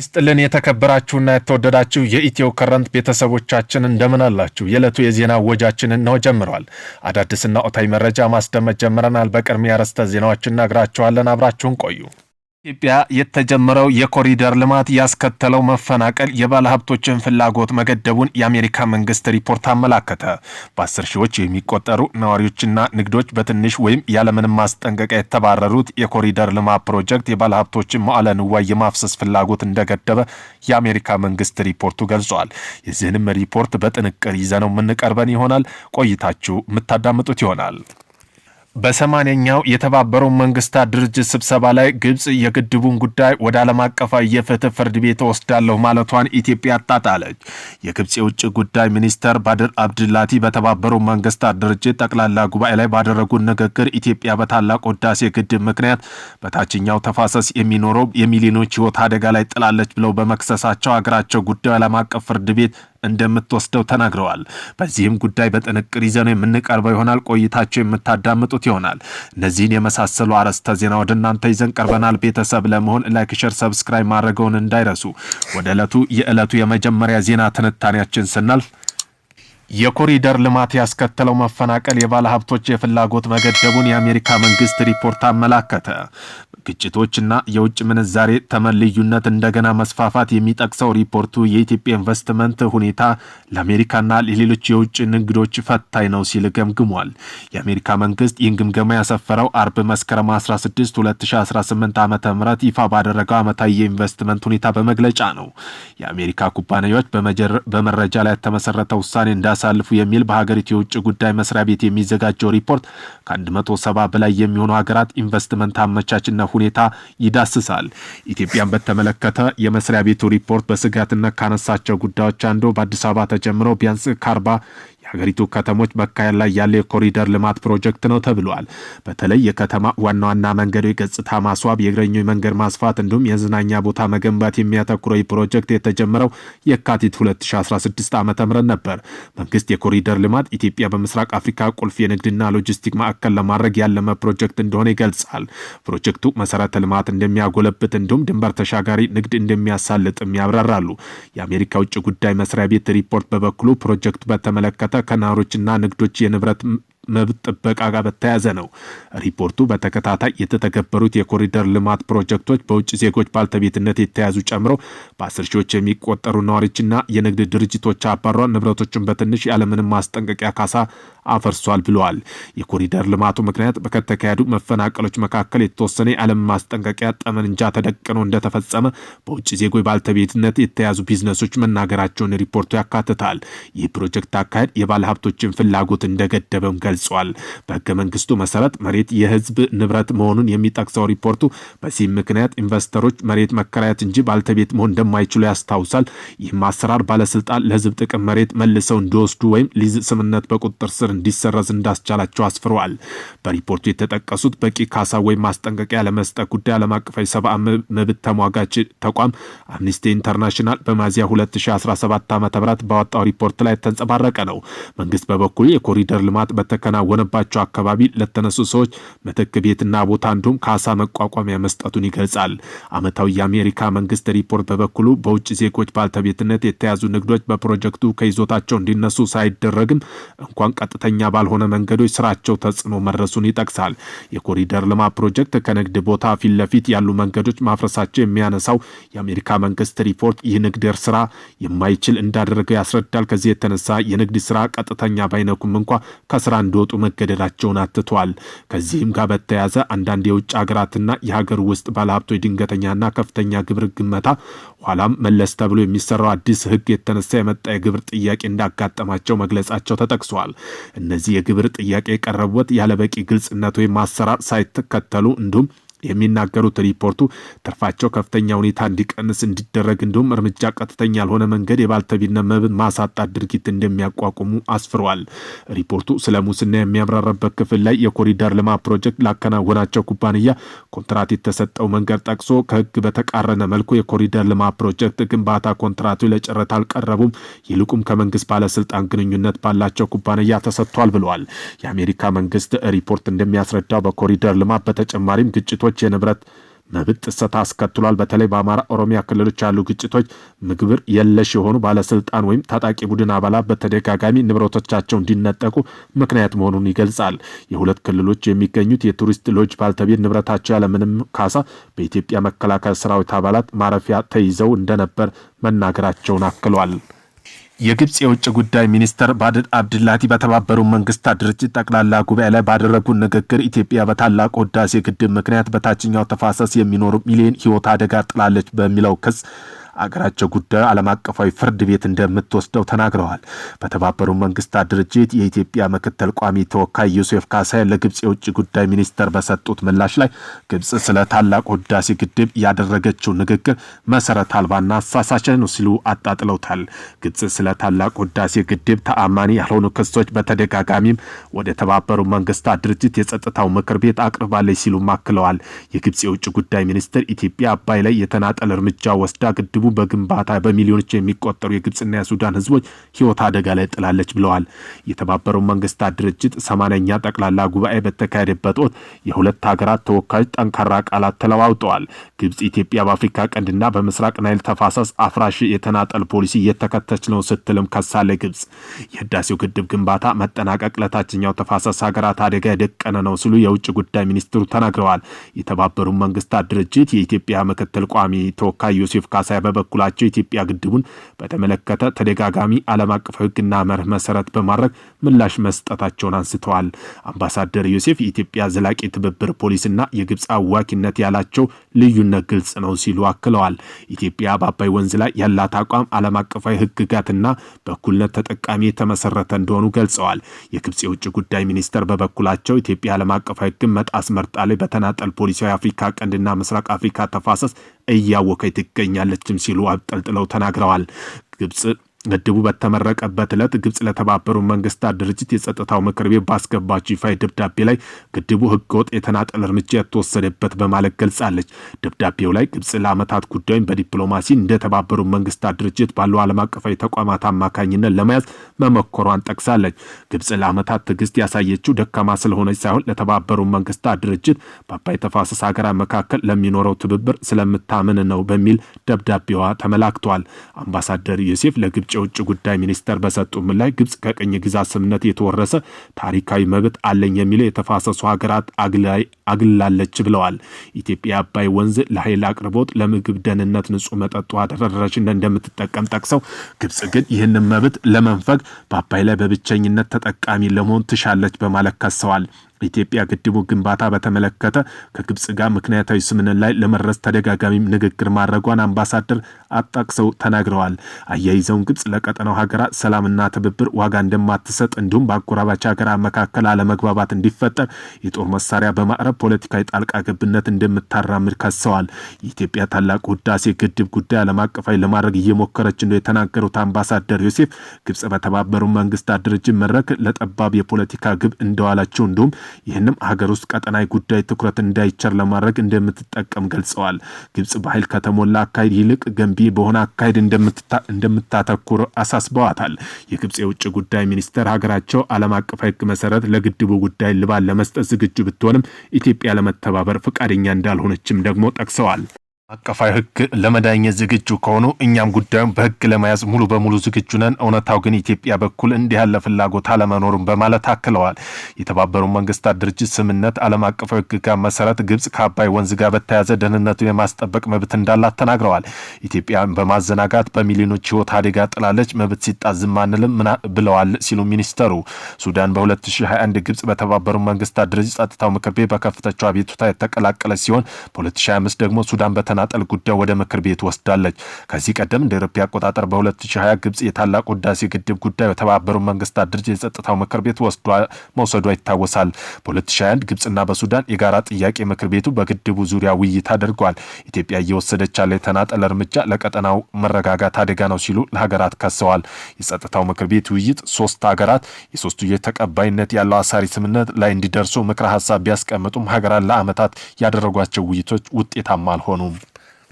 ይስጥልን የተከበራችሁና የተወደዳችሁ የኢትዮ ከረንት ቤተሰቦቻችን እንደምን አላችሁ? የዕለቱ የዜና ወጃችን እነሆ ጀምረዋል። አዳዲስና ኦታዊ መረጃ ማስደመጥ ጀምረናል። በቅድሚያ ርዕሰ ዜናዎችን ነግራችኋለን። አብራችሁን ቆዩ። ኢትዮጵያ የተጀመረው የኮሪደር ልማት ያስከተለው መፈናቀል የባለሀብቶችን ፍላጎት መገደቡን የአሜሪካ መንግስት ሪፖርት አመላከተ። በአስር ሺዎች የሚቆጠሩ ነዋሪዎችና ንግዶች በትንሽ ወይም ያለምንም ማስጠንቀቂያ የተባረሩት የኮሪደር ልማት ፕሮጀክት የባለሀብቶችን መዋለ ንዋይ የማፍሰስ ፍላጎት እንደገደበ የአሜሪካ መንግስት ሪፖርቱ ገልጿል። የዚህንም ሪፖርት በጥንቅር ይዘነው የምንቀርበን ይሆናል። ቆይታችሁ የምታዳምጡት ይሆናል። በሰማንያኛው የተባበረው መንግስታት ድርጅት ስብሰባ ላይ ግብፅ የግድቡን ጉዳይ ወደ ዓለም አቀፋዊ የፍትህ ፍርድ ቤት ወስዳለሁ ማለቷን ኢትዮጵያ አጣጣለች። የግብፅ የውጭ ጉዳይ ሚኒስተር ባድር አብድላቲ በተባበረው መንግስታት ድርጅት ጠቅላላ ጉባኤ ላይ ባደረጉት ንግግር ኢትዮጵያ በታላቅ ወዳሴ ግድብ ምክንያት በታችኛው ተፋሰስ የሚኖረው የሚሊዮኖች ህይወት አደጋ ላይ ጥላለች ብለው በመክሰሳቸው አገራቸው ጉዳዩ ዓለም አቀፍ ፍርድ ቤት እንደምትወስደው ተናግረዋል። በዚህም ጉዳይ በጥንቅር ይዘነው የምንቀርበው ይሆናል። ቆይታቸው የምታዳምጡት ይሆናል። እነዚህን የመሳሰሉ አርዕስተ ዜና ወደ እናንተ ይዘን ቀርበናል። ቤተሰብ ለመሆን ላይክ፣ ሸር፣ ሰብስክራይብ ማድረገውን እንዳይረሱ። ወደ ዕለቱ የዕለቱ የመጀመሪያ ዜና ትንታኔያችን ስናልፍ የኮሪደር ልማት ያስከተለው መፈናቀል የባለ ሀብቶች የፍላጎት መገደቡን የአሜሪካ መንግስት ሪፖርት አመላከተ። ግጭቶችና የውጭ ምንዛሬ ተመን ልዩነት እንደገና መስፋፋት የሚጠቅሰው ሪፖርቱ የኢትዮጵያ ኢንቨስትመንት ሁኔታ ለአሜሪካና ለሌሎች የውጭ ንግዶች ፈታኝ ነው ሲል ገምግሟል። የአሜሪካ መንግስት ይህን ግምገማ ያሰፈረው አርብ መስከረም 16 2018 ዓ ም ይፋ ባደረገው ዓመታዊ የኢንቨስትመንት ሁኔታ በመግለጫ ነው። የአሜሪካ ኩባንያዎች በመረጃ ላይ የተመሰረተ ውሳኔ እንዳሳልፉ የሚል በሀገሪቱ የውጭ ጉዳይ መስሪያ ቤት የሚዘጋጀው ሪፖርት ከ170 በላይ የሚሆኑ ሀገራት ኢንቨስትመንት አመቻችና ሁኔታ ይዳስሳል። ኢትዮጵያን በተመለከተ የመስሪያ ቤቱ ሪፖርት በስጋትነት ካነሳቸው ጉዳዮች አንዱ በአዲስ አበባ ተጀምረው ቢያንስ ከአርባ የሀገሪቱ ከተሞች መካሄድ ላይ ያለ የኮሪደር ልማት ፕሮጀክት ነው ተብሏል። በተለይ የከተማ ዋና ዋና መንገዶች ገጽታ ማስዋብ፣ የእግረኞች መንገድ ማስፋት እንዲሁም የመዝናኛ ቦታ መገንባት የሚያተኩረው ፕሮጀክት የተጀመረው የካቲት 2016 ዓ ም ነበር። መንግስት የኮሪደር ልማት ኢትዮጵያ በምስራቅ አፍሪካ ቁልፍ የንግድና ሎጂስቲክ ማዕከል ለማድረግ ያለመ ፕሮጀክት እንደሆነ ይገልጻል። ፕሮጀክቱ መሰረተ ልማት እንደሚያጎለብት እንዲሁም ድንበር ተሻጋሪ ንግድ እንደሚያሳልጥም ያብራራሉ። የአሜሪካ ውጭ ጉዳይ መስሪያ ቤት ሪፖርት በበኩሉ ፕሮጀክቱ በተመለከተ ከናሮችና ንግዶች የንብረት መብት ጥበቃ ጋር በተያያዘ ነው። ሪፖርቱ በተከታታይ የተተገበሩት የኮሪደር ልማት ፕሮጀክቶች በውጭ ዜጎች ባልተቤትነት የተያዙ ጨምሮ በአስር ሺዎች የሚቆጠሩ ነዋሪዎችና የንግድ ድርጅቶች አባሯ ንብረቶችን በትንሽ ያለምንም ማስጠንቀቂያ ካሳ አፈርሷል ብለዋል። የኮሪደር ልማቱ ምክንያት ከተካሄዱ መፈናቀሎች መካከል የተወሰነ የዓለም ማስጠንቀቂያ ጠመንጃ ተደቅኖ እንደተፈጸመ በውጭ ዜጎች ባልተቤትነት የተያዙ ቢዝነሶች መናገራቸውን ሪፖርቱ ያካትታል። ይህ ፕሮጀክት አካሄድ የባለሀብቶችን ፍላጎት እንደገደበም ገልጿል። ገልጿል። በህገ መንግስቱ መሰረት መሬት የህዝብ ንብረት መሆኑን የሚጠቅሰው ሪፖርቱ በዚህም ምክንያት ኢንቨስተሮች መሬት መከራየት እንጂ ባልተቤት መሆን እንደማይችሉ ያስታውሳል። ይህም አሰራር ባለስልጣን ለህዝብ ጥቅም መሬት መልሰው እንዲወስዱ ወይም ሊዝ ስምነት በቁጥጥር ስር እንዲሰረዝ እንዳስቻላቸው አስፍረዋል። በሪፖርቱ የተጠቀሱት በቂ ካሳ ወይም ማስጠንቀቂያ ለመስጠት ጉዳይ ዓለም አቀፋዊ ሰብአ መብት ተሟጋች ተቋም አምኒስቲ ኢንተርናሽናል በማዚያ 2017 ዓ ም ባወጣው ሪፖርት ላይ ተንጸባረቀ ነው። መንግስት በበኩሉ የኮሪደር ልማት በተ በተከናወነባቸው አካባቢ ለተነሱ ሰዎች ምትክ ቤትና ቦታ እንዲሁም ካሳ መቋቋሚያ መስጠቱን ይገልጻል። ዓመታዊ የአሜሪካ መንግስት ሪፖርት በበኩሉ በውጭ ዜጎች ባልተቤትነት የተያዙ ንግዶች በፕሮጀክቱ ከይዞታቸው እንዲነሱ ሳይደረግም እንኳን ቀጥተኛ ባልሆነ መንገዶች ስራቸው ተጽዕኖ መድረሱን ይጠቅሳል። የኮሪደር ልማት ፕሮጀክት ከንግድ ቦታ ፊት ለፊት ያሉ መንገዶች ማፍረሳቸው የሚያነሳው የአሜሪካ መንግስት ሪፖርት ይህ ንግድር ስራ የማይችል እንዳደረገው ያስረዳል። ከዚህ የተነሳ የንግድ ስራ ቀጥተኛ ባይነኩም እንኳ ከስራ እንዲወጡ መገደዳቸውን አትተዋል። ከዚህም ጋር በተያያዘ አንዳንድ የውጭ ሀገራትና የሀገር ውስጥ ባለሀብቶች ድንገተኛና ከፍተኛ ግብር ግመታ ኋላም መለስ ተብሎ የሚሰራው አዲስ ህግ የተነሳ የመጣ የግብር ጥያቄ እንዳጋጠማቸው መግለጻቸው ተጠቅሷል። እነዚህ የግብር ጥያቄ የቀረቡበት ያለበቂ ግልጽነት ወይም አሰራር ሳይተከተሉ እንዲሁም የሚናገሩት ሪፖርቱ ትርፋቸው ከፍተኛ ሁኔታ እንዲቀንስ እንዲደረግ እንዲሁም እርምጃ ቀጥተኛ ያልሆነ መንገድ የባለቤትነት መብት ማሳጣት ድርጊት እንደሚያቋቁሙ አስፍረዋል። ሪፖርቱ ስለ ሙስና የሚያብራራበት ክፍል ላይ የኮሪደር ልማት ፕሮጀክት ላከናወናቸው ኩባንያ ኮንትራት የተሰጠው መንገድ ጠቅሶ ከህግ በተቃረነ መልኩ የኮሪደር ልማት ፕሮጀክት ግንባታ ኮንትራቱ ለጨረታ አልቀረቡም፣ ይልቁም ከመንግስት ባለስልጣን ግንኙነት ባላቸው ኩባንያ ተሰጥቷል ብለዋል። የአሜሪካ መንግስት ሪፖርት እንደሚያስረዳው በኮሪደር ልማት በተጨማሪም ግጭቶች ግጭቶች የንብረት መብት ጥሰት አስከትሏል። በተለይ በአማራ ኦሮሚያ ክልሎች ያሉ ግጭቶች ምግብር የለሽ የሆኑ ባለስልጣን ወይም ታጣቂ ቡድን አባላት በተደጋጋሚ ንብረቶቻቸው እንዲነጠቁ ምክንያት መሆኑን ይገልጻል። የሁለት ክልሎች የሚገኙት የቱሪስት ሎጅ ባልተቤት ንብረታቸው ያለምንም ካሳ በኢትዮጵያ መከላከያ ሰራዊት አባላት ማረፊያ ተይዘው እንደነበር መናገራቸውን አክሏል። የግብፅ የውጭ ጉዳይ ሚኒስትር ባድር አብድላቲ በተባበሩ መንግስታት ድርጅት ጠቅላላ ጉባኤ ላይ ባደረጉት ንግግር ኢትዮጵያ በታላቁ ህዳሴ ግድብ ምክንያት በታችኛው ተፋሰስ የሚኖሩ ሚሊዮን ህይወት አደጋ ጥላለች በሚለው ክስ አገራቸው ጉዳዩ ዓለም አቀፋዊ ፍርድ ቤት እንደምትወስደው ተናግረዋል። በተባበሩ መንግስታት ድርጅት የኢትዮጵያ ምክትል ቋሚ ተወካይ ዩሴፍ ካሳይ ለግብፅ የውጭ ጉዳይ ሚኒስተር በሰጡት ምላሽ ላይ ግብፅ ስለ ታላቁ ህዳሴ ግድብ ያደረገችው ንግግር መሰረት አልባና አሳሳች ነው ሲሉ አጣጥለውታል። ግብፅ ስለ ታላቁ ህዳሴ ግድብ ተአማኒ ያልሆኑ ክሶች በተደጋጋሚም ወደ ተባበሩ መንግስታት ድርጅት የጸጥታው ምክር ቤት አቅርባለች ሲሉ አክለዋል። የግብፅ የውጭ ጉዳይ ሚኒስትር ኢትዮጵያ አባይ ላይ የተናጠል እርምጃ ወስዳ ግድ ግድቡ በግንባታ በሚሊዮኖች የሚቆጠሩ የግብፅና የሱዳን ህዝቦች ህይወት አደጋ ላይ ጥላለች ብለዋል። የተባበረው መንግስታት ድርጅት ሰማንያኛ ጠቅላላ ጉባኤ በተካሄደበት ወቅት የሁለት ሀገራት ተወካዮች ጠንካራ ቃላት ተለዋውጠዋል። ግብፅ ኢትዮጵያ በአፍሪካ ቀንድና በምስራቅ ናይል ተፋሰስ አፍራሽ የተናጠል ፖሊሲ እየተከተች ነው ስትልም ከሳለ ግብፅ የህዳሴው ግድብ ግንባታ መጠናቀቅ ለታችኛው ተፋሰስ ሀገራት አደጋ የደቀነ ነው ሲሉ የውጭ ጉዳይ ሚኒስትሩ ተናግረዋል። የተባበሩ መንግስታት ድርጅት የኢትዮጵያ ምክትል ቋሚ ተወካይ ዮሴፍ ካሳይ በበኩላቸው ኢትዮጵያ ግድቡን በተመለከተ ተደጋጋሚ ዓለም አቀፋዊ ሕግና መርህ መሰረት በማድረግ ምላሽ መስጠታቸውን አንስተዋል። አምባሳደር ዮሴፍ የኢትዮጵያ ዘላቂ ትብብር ፖሊስና የግብፅ አዋኪነት ያላቸው ልዩነት ግልጽ ነው ሲሉ አክለዋል። ኢትዮጵያ በአባይ ወንዝ ላይ ያላት አቋም ዓለም አቀፋዊ ሕግጋትና በእኩልነት ተጠቃሚ የተመሰረተ እንደሆኑ ገልጸዋል። የግብፅ የውጭ ጉዳይ ሚኒስተር በበኩላቸው ኢትዮጵያ ዓለም አቀፋዊ ሕግን መጣስ መርጣ ላይ በተናጠል ፖሊሲ አፍሪካ ቀንድና ምስራቅ አፍሪካ ተፋሰስ እያወከች ትገኛለችም ሲሉ አብጠልጥለው ተናግረዋል። ግብጽ ግድቡ በተመረቀበት ዕለት ግብጽ ለተባበሩ መንግስታት ድርጅት የጸጥታው ምክር ቤት ባስገባቸው ይፋ ደብዳቤ ላይ ግድቡ ህገወጥ የተናጠል እርምጃ የተወሰደበት በማለት ገልጻለች። ደብዳቤው ላይ ግብጽ ለአመታት ጉዳዩን በዲፕሎማሲ እንደ ተባበሩ መንግስታት ድርጅት ባሉ ዓለም አቀፋዊ ተቋማት አማካኝነት ለመያዝ መሞከሯን ጠቅሳለች። ግብፅ ለአመታት ትዕግስት ያሳየችው ደካማ ስለሆነች ሳይሆን ለተባበሩ መንግስታት ድርጅት በአባይ ተፋሰስ ሀገራት መካከል ለሚኖረው ትብብር ስለምታምን ነው በሚል ደብዳቤዋ ተመላክቷል። አምባሳደር ዮሴፍ ለግብ የግብጽ የውጭ ጉዳይ ሚኒስተር በሰጡ ምላሽ ግብጽ ከቅኝ ግዛት ስምነት የተወረሰ ታሪካዊ መብት አለኝ የሚለው የተፋሰሱ ሀገራት አግልላለች ብለዋል። ኢትዮጵያ አባይ ወንዝ ለኃይል አቅርቦት፣ ለምግብ ደህንነት፣ ንጹህ መጠጥ ውሃ ተደራሽነት እንደምትጠቀም ጠቅሰው ግብጽ ግን ይህንን መብት ለመንፈግ በአባይ ላይ በብቸኝነት ተጠቃሚ ለመሆን ትሻለች በማለት ከሰዋል። በኢትዮጵያ ግድቡ ግንባታ በተመለከተ ከግብጽ ጋር ምክንያታዊ ስምምነት ላይ ለመድረስ ተደጋጋሚ ንግግር ማድረጓን አምባሳደር አጣቅሰው ተናግረዋል። አያይዘውን ግብፅ ለቀጠናው ሀገራት ሰላምና ትብብር ዋጋ እንደማትሰጥ እንዲሁም በአጎራባች ሀገራት መካከል አለመግባባት እንዲፈጠር የጦር መሳሪያ በማቅረብ ፖለቲካዊ ጣልቃ ገብነት እንደምታራምድ ከሰዋል። የኢትዮጵያ ታላቁ ህዳሴ ግድብ ጉዳይ ዓለም አቀፋዊ ለማድረግ እየሞከረች ነው የተናገሩት አምባሳደር ዮሴፍ ግብፅ በተባበሩ መንግስታት ድርጅት መድረክ ለጠባብ የፖለቲካ ግብ እንደዋላቸው እንዲሁም ይህንም ሀገር ውስጥ ቀጠናዊ ጉዳይ ትኩረት እንዳይቸር ለማድረግ እንደምትጠቀም ገልጸዋል። ግብጽ በኃይል ከተሞላ አካሄድ ይልቅ ገንቢ በሆነ አካሄድ እንደምታተኩር አሳስበዋታል። የግብጽ የውጭ ጉዳይ ሚኒስተር ሀገራቸው ዓለም አቀፍ ሕግ መሰረት ለግድቡ ጉዳይ ልባል ለመስጠት ዝግጁ ብትሆንም ኢትዮጵያ ለመተባበር ፈቃደኛ እንዳልሆነችም ደግሞ ጠቅሰዋል። አቀፋዊ ህግ ለመዳኘት ዝግጁ ከሆኑ እኛም ጉዳዩን በህግ ለመያዝ ሙሉ በሙሉ ዝግጁ ነን። እውነታው ግን ኢትዮጵያ በኩል እንዲህ ያለ ፍላጎት አለመኖሩም በማለት አክለዋል። የተባበሩ መንግስታት ድርጅት ስምነት ዓለም አቀፋዊ ሕግ ጋር መሰረት ግብጽ ከአባይ ወንዝ ጋር በተያያዘ ደህንነቱን የማስጠበቅ መብት እንዳላት ተናግረዋል። ኢትዮጵያን በማዘናጋት በሚሊዮኖች ህይወት አደጋ ጥላለች። መብት ሲጣዝም አንልም ብለዋል ሲሉ ሚኒስተሩ ሱዳን በ2021 ግብጽ በተባበሩት መንግስታት ድርጅት ጸጥታው ምክር ቤት በከፍተቸው አቤቱታ የተቀላቀለ ሲሆን በ2025 ደግሞ ሱዳን በተና የተናጠል ጉዳይ ወደ ምክር ቤት ወስዳለች። ከዚህ ቀደም እንደ አውሮፓ አቆጣጠር በ2020 ግብጽ የታላቁ ህዳሴ ግድብ ጉዳይ በተባበሩት መንግስታት ድርጅት የጸጥታው ምክር ቤት መውሰዷ ይታወሳል። በ2021 ግብጽና በሱዳን የጋራ ጥያቄ ምክር ቤቱ በግድቡ ዙሪያ ውይይት አድርገዋል። ኢትዮጵያ እየወሰደች ያለ የተናጠል እርምጃ ለቀጠናው መረጋጋት አደጋ ነው ሲሉ ለሀገራት ከሰዋል። የጸጥታው ምክር ቤት ውይይት ሶስት ሀገራት የሶስቱ ተቀባይነት ያለው አሳሪ ስምምነት ላይ እንዲደርሱ ምክረ ሀሳብ ቢያስቀምጡም ሀገራት ለዓመታት ያደረጓቸው ውይይቶች ውጤታማ አልሆኑም።